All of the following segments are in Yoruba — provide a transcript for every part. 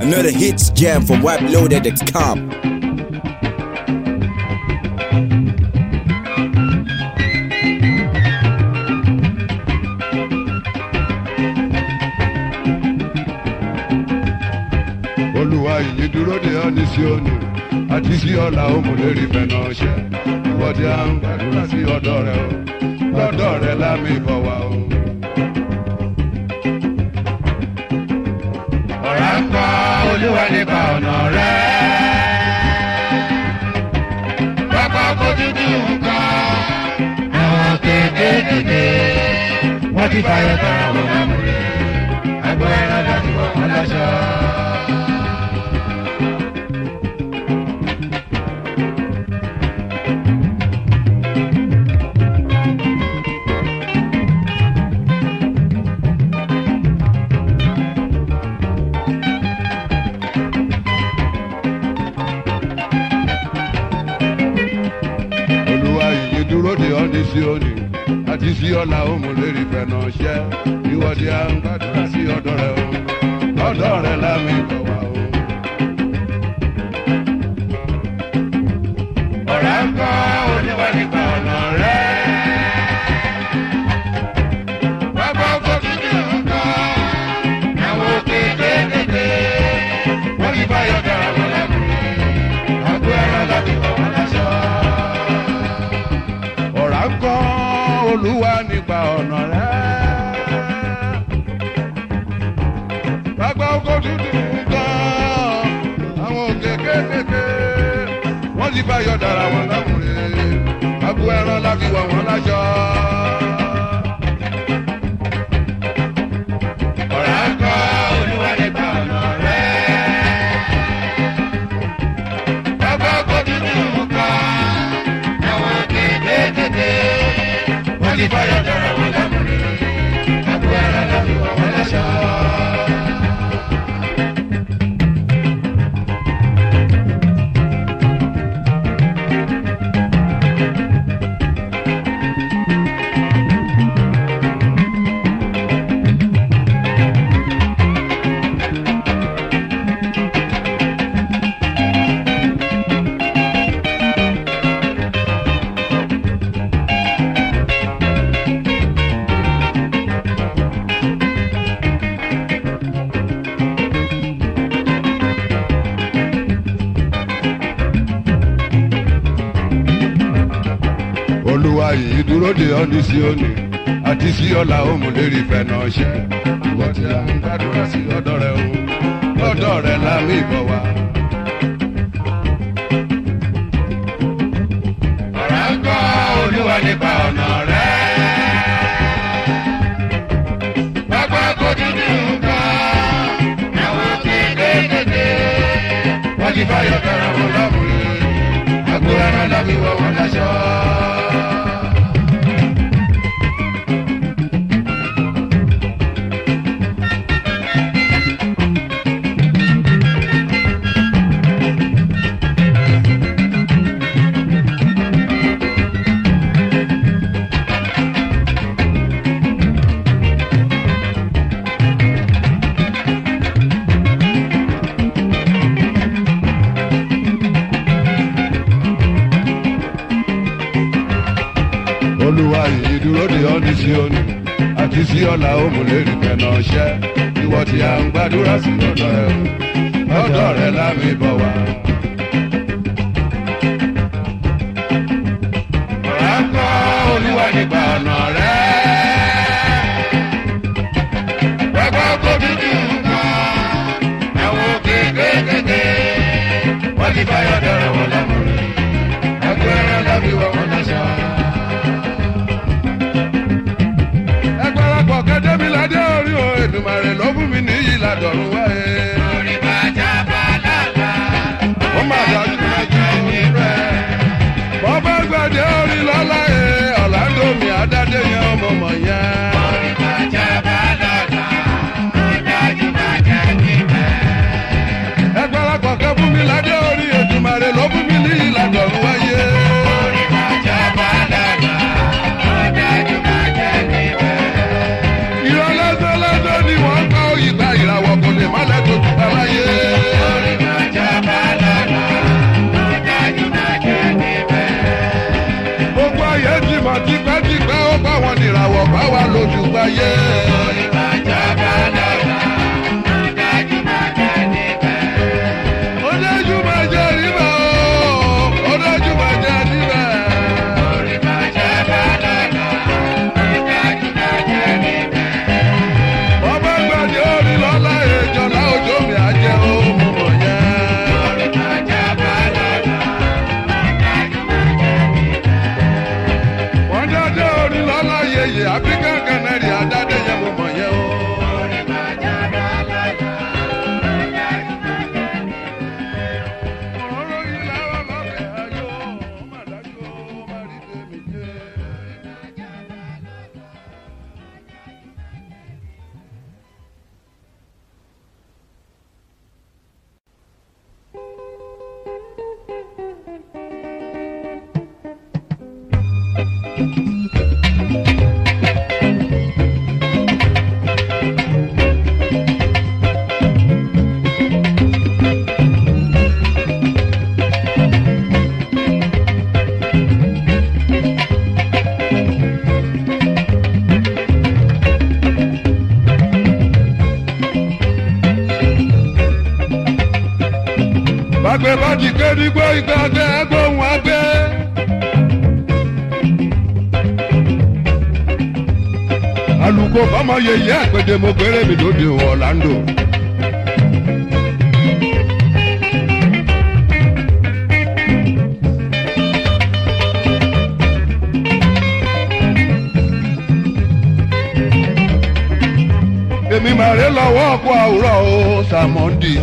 Another hits jam from Wap Loaded.com. tí ó ní àti sí ọ̀la òmùlérí fẹ̀nà ṣe ìwọ́de à ń gbàdúrà sí ọ̀dọ̀ rẹ o lọ́dọ̀ rẹ lámì bọ̀ o. ọ̀rá ń kọ́ olúwa nípa ọ̀nà rẹ. pápá fojú bí nǹkan àwọn kéékèèké wọ́n ti fàyọ̀ tán àwọn ọmọ rẹ̀ àgbọ̀ láti wọ́n wọn láṣọ. sí òní àti sí ọ̀la òmò lérí fẹ̀nà ṣẹ́ ìwọ tí a sí ọ̀dọ̀ rẹ o ọ̀dọ̀ rẹ lámì bọ̀ wá o. ọ̀rẹ́ ń kọ́ oníwà nípa. olúwa nípa ọ̀nà rẹ̀. Gbàgbà oko dídì gan, àwọn òkè kékèké, wọ́n ti bá dára wọn láwùrẹ́. Agbo ẹran láti wọ̀ wọ́n lájọ. yìí dúró de ọdún sí òní àti sí ọ̀la òmùlérí fẹ̀nà ṣe ìwọ tí a ń gbàdúrà sí ọ̀dọ̀ rẹ o ọ̀dọ̀ rẹ la mú ìbọ̀ wá. ọ̀rọ̀ ń gbọ́ olúwa nípa ọ̀nà rẹ. pápá kò dúdú nǹkan àwọn tí kéékèèké wọ́n ti fàyọ̀ kára lóhùn lérìkẹ́ náà ṣẹ́ ìwọ tí a ń gbàdúrà sí lọ́dọ̀ ẹ̀ lọ́dọ̀ rẹ̀ lámì bọ̀ wá. ọ̀rọ̀ olúwa nígbà ọ̀nà rẹ̀. Bàbá Gómìnà kan, àwọn òkè òbí mi nìyí ládọ̀rùn wá ẹ. orí bàjá bá lálá. ó má dájú mẹ́jọ ní rẹ̀. bọ́ bá gbàdé orí lọ́lá ẹ̀ ọ̀làdó mi àdádé yẹn ọmọ mọ̀ yẹn. wa lójú gbáyé. ìgbẹ́ bá ti ké nígbó ìgbẹ́ ọdẹ ẹgbóhùn agbẹ́. alùkò fọmọ yẹyẹ mo gbére mi lóde Orlando. èmi màrè lọ́wọ́ ọkọ̀ àwùrọ̀ o sàmọ́ndì.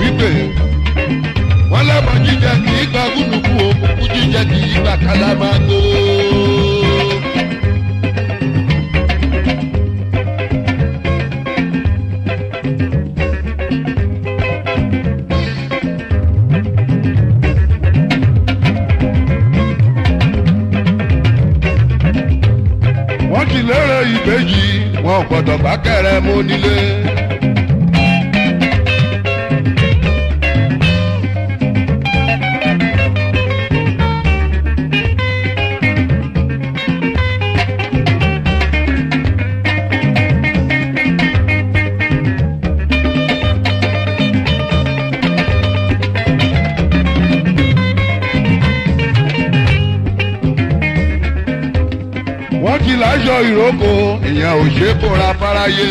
wípé wọ́n lẹ́mọ̀ jíjẹ kì í gba gúdùkú òkùnkùn jíjẹ kì í gba kálámágó. wọ́n ti lérè ìbejì wọn ò gbọ́dọ̀ gbá nílé. ìyẹn ò ṣe kóra fáráyé.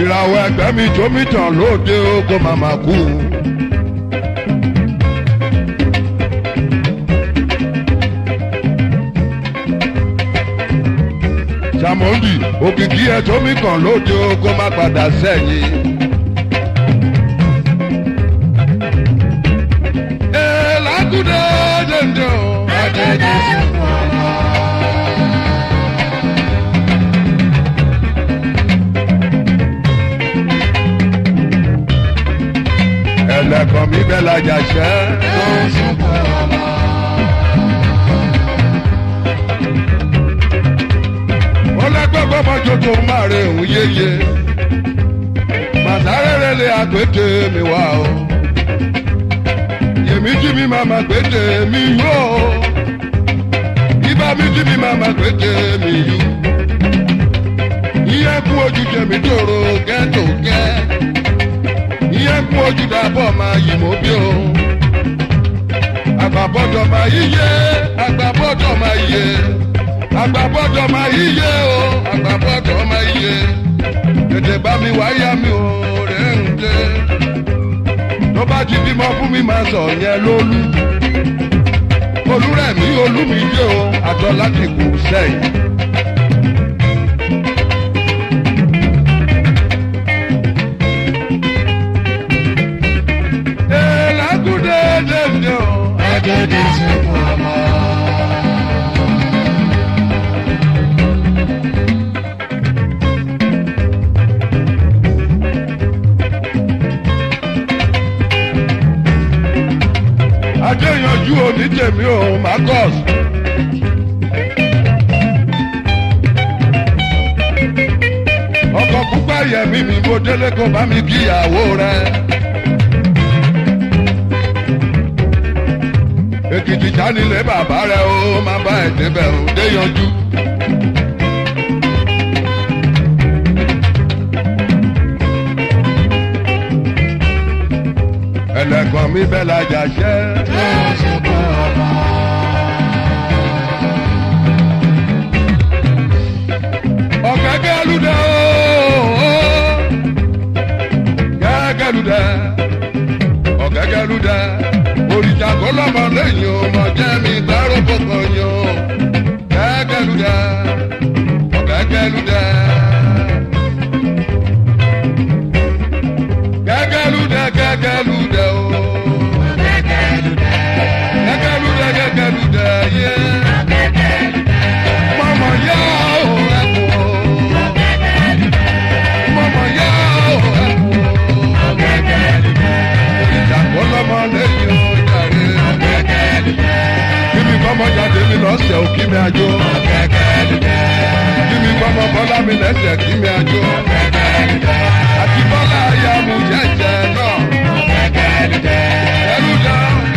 ìràwọ̀ ẹgbẹ́ mi tó mi tàn lóde ó kó màmá kú. òkìkí ẹ tó mi kàn lóde o kó má padà sẹ́yìn. ẹ lágùdẹ dèndé o àjẹjẹ sùn ọmọ. ẹlẹ́kọ̀ọ́ mi bẹ́ẹ̀ lajà ṣẹ́. ẹ sùn kọ́ ọmọ. yeye màsárérele àgbèdè mi wá o yèmí jí mi màmá gbèdè mi yó o ibà mi jí mi màmá gbèdè mi yó iye kú ojú jẹ̀mí tòrò gẹ́tò gẹ́ iye kú ojú dàbọ̀ máa yìí mọ́ bí o àgbàbọ̀dọ̀ máa yíyé àgbàbọ̀dọ̀ máa yíyé àgbàbọ̀dọ̀ máa yíyé o àgbàbọ̀dọ̀ máa yíyé tètè bá mi wáyà mi ò rẹ̀ ń dé tó bá ti bímọ fún mi máa sọ yẹn lólú olúrẹ̀mí olúmídé o àjọ láti kù sẹ́yìn. Good day, good day, ojú òní tèmi o Marcus. ọkọ̀ púpà yẹ̀mí mi mo délé kó bá mi kíyàwó rẹ̀. Èkìtì sanilé bàbá rẹ̀ o máa bá ẹ̀ débẹ̀ o dé yanjú. ẹlẹ́gàn mi bẹ́ẹ̀ lajà ṣẹ́. bẹ́ẹ̀ ṣe pẹ́ ọba. ọ̀gẹ́gẹ́ lùdẹ́ ooo gẹ́gẹ́ lùdẹ́ ọ̀gẹ́gẹ́ lùdẹ́ òrìṣà lẹ́yìn ọmọ jẹ́. ọmọjà tèmi lọ́sẹ̀ ò kí mi àjò. Ọ̀kẹ́kẹ́ dídẹ́. Kí mi gbọ́mọ bọ́lá mi lẹ́sẹ̀ kí mi àjò. Ọ̀kẹ́kẹ́ dídẹ́. Àti bọ́lá ayé amújẹ́jẹ́ náà. Ọ̀kẹ́kẹ́ dídẹ́. Ẹlú dáa.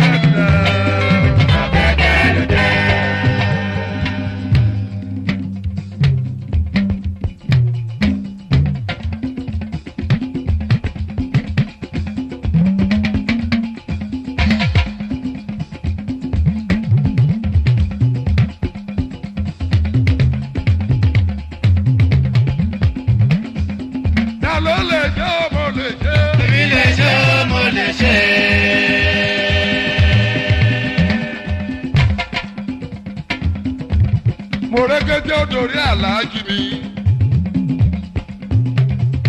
nítorí aláàjì mi.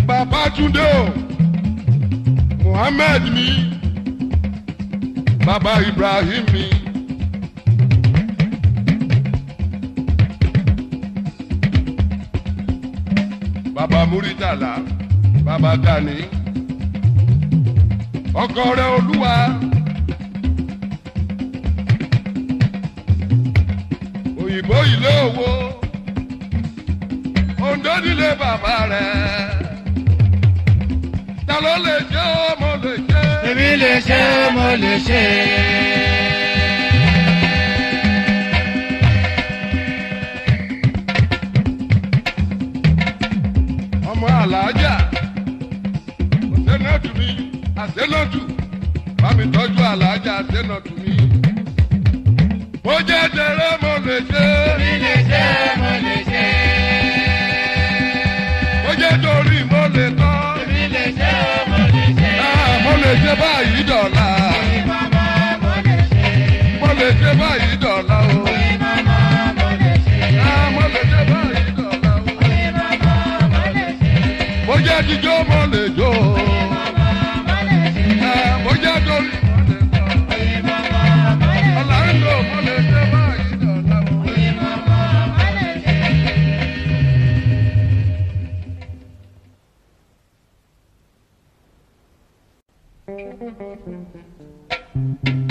Bàbá Túndé o, Muhammed mi, Baba Ibrahim mi. Baba Muritala, Baba Dani, ọkọ rẹ Olúwa. òyìnbó ìlé òwò. Ondo nílé bàbá rẹ̀. Ta ló lè jẹ́ mo lè ṣe. Èmi lè ṣe mo lè ṣe. Ọmọ àlàájá, òṣèlú mi, àṣẹlọ́dù, bá mi tọ́jú àlàájá àṣẹlọ́dù mi. Mo jẹ́ tẹ̀rẹ́ mo lè ṣe. Èmi lè. lè ṣe báyìí dọ̀la. mo lè ṣe báyìí dọ̀la o. Ah, mo lè ṣe báyìí dọ̀la o. mo jẹ́ jíjọ́ mọ́. Música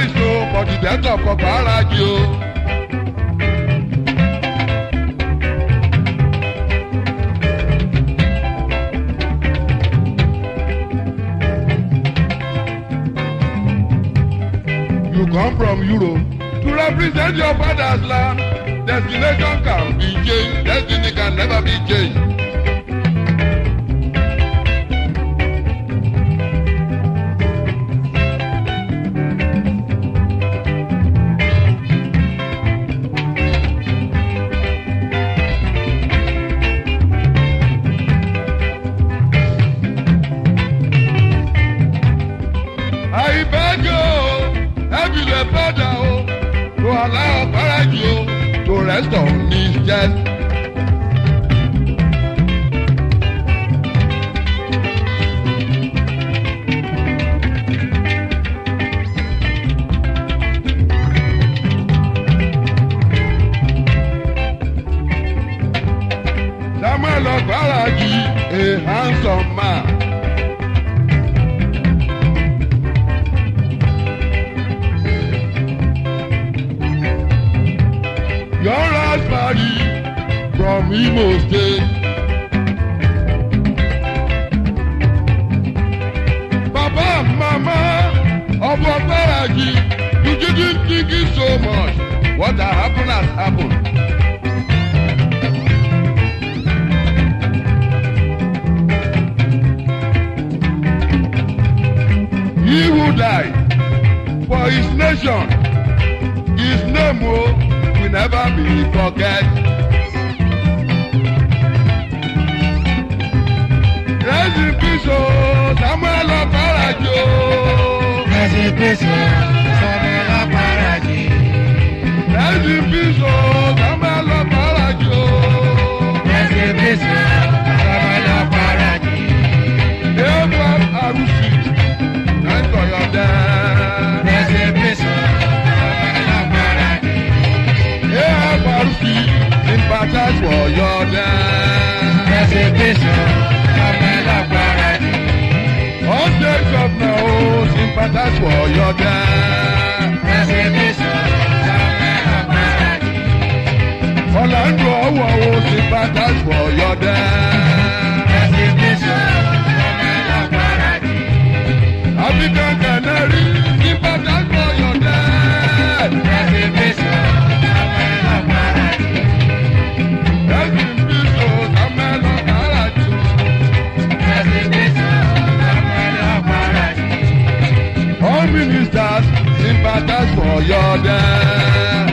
ìṣó kọ̀dìdẹ́tọ̀ kọ̀ bàárà o. You come from Europe to represent your father's land. Destination can be changed, destiny can never be changed. don't need just from Imo State. Baba and Mama of Obaraji, you didn't think it so much. What has happened has happened. He who died for his nation, his name will never be forget. àjò. Rest in peace o, Sọmọlá Paraji. Rest in peace o, Sọmọlá Paraji o. Rest in peace o, Sọmọlá Paraji. Ewa Arusi, Nanto Yọ̀dá. Rest in peace o, Sọmọlá Paraji. Ewa Arusi, father's for your dad. Ọ̀làǹdù ọwọ́ wo sí father's for your dad. Àbíkàn kànáà rí sí father's for your dad. Ọ̀yọ́dẹ́.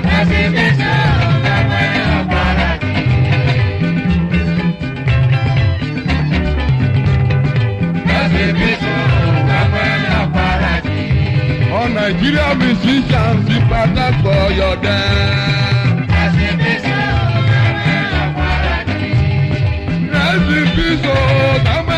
pásítẹ̀sọ̀ bàbá yóò para jì. pásítẹ̀sọ̀ bàbá yóò para jì. ọ nàìjíríà musician ti padà sọ Ọ̀yọ́dẹ́. pásítẹ̀sọ̀ bàbá yóò para jì. pásítẹ̀sọ̀ bàbá